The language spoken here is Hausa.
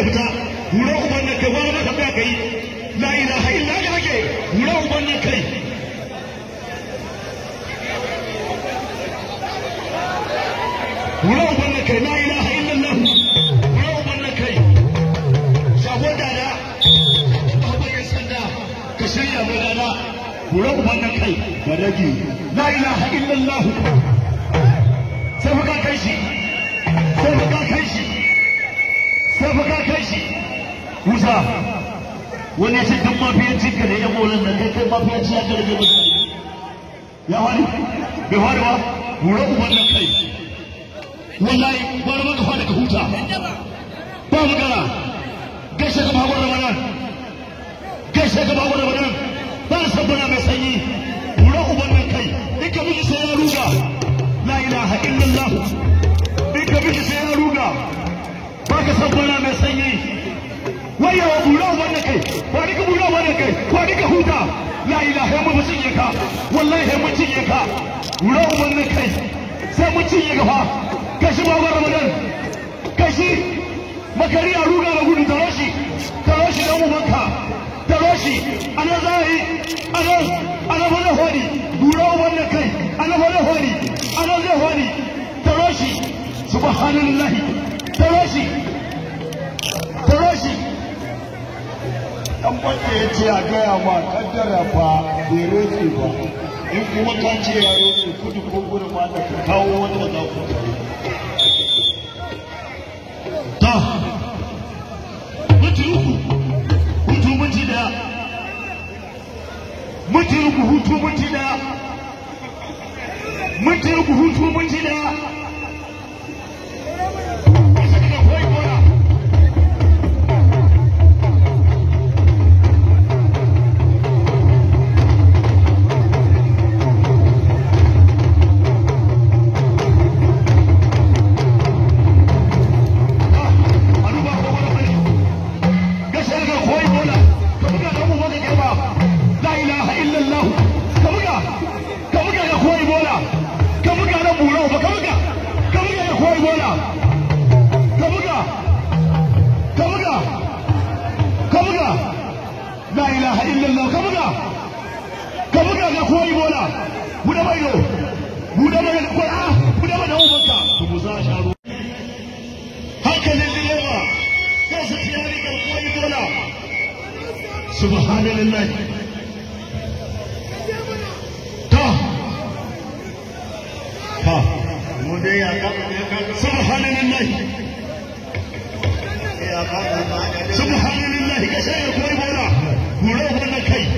ya fita wura uban kai wani mata kai uban kai uban kai rage la ilaha sai kai shi sai kai shi sai fa kai shi musa wani ya ce duk mafiyancin ka ne ya molan nan kai kai mafiyanci ya kare gaba ya wani bai wani ba wura uban nan kai wallahi gwara maka fa daga huta ba magana gaishe ka bagon ramadan gaishe ka bagon ramadan ba sabbana mai sanyi wura uban nan kai in ka mutu sai ya ruga la ilaha illallah ba ka san kwana sanyi waya wa bulo wannan kai wa dika bulo wannan kai wa dika dan wanda ya ce a gaya ma kaddara fa bai rotse ba in kuma ka ce ya rotse kudu ko gudu ma da ka kawo wanda za ku ta mutu uku hutu mutu da mutu uku hutu mutu da mutu uku hutu mutu da ilaha illallah ka buga ka buga ga koyi bola buɗe bayo buɗe bayo ko a ah, buɗe bayo ubanka to mu za sha ruwa haka ne da yawa sai su tiyari ga koyi bola subhanallah ta ha mu dai ya ka subhanallah subhanallah ka sai koyi bola hore-hore na kai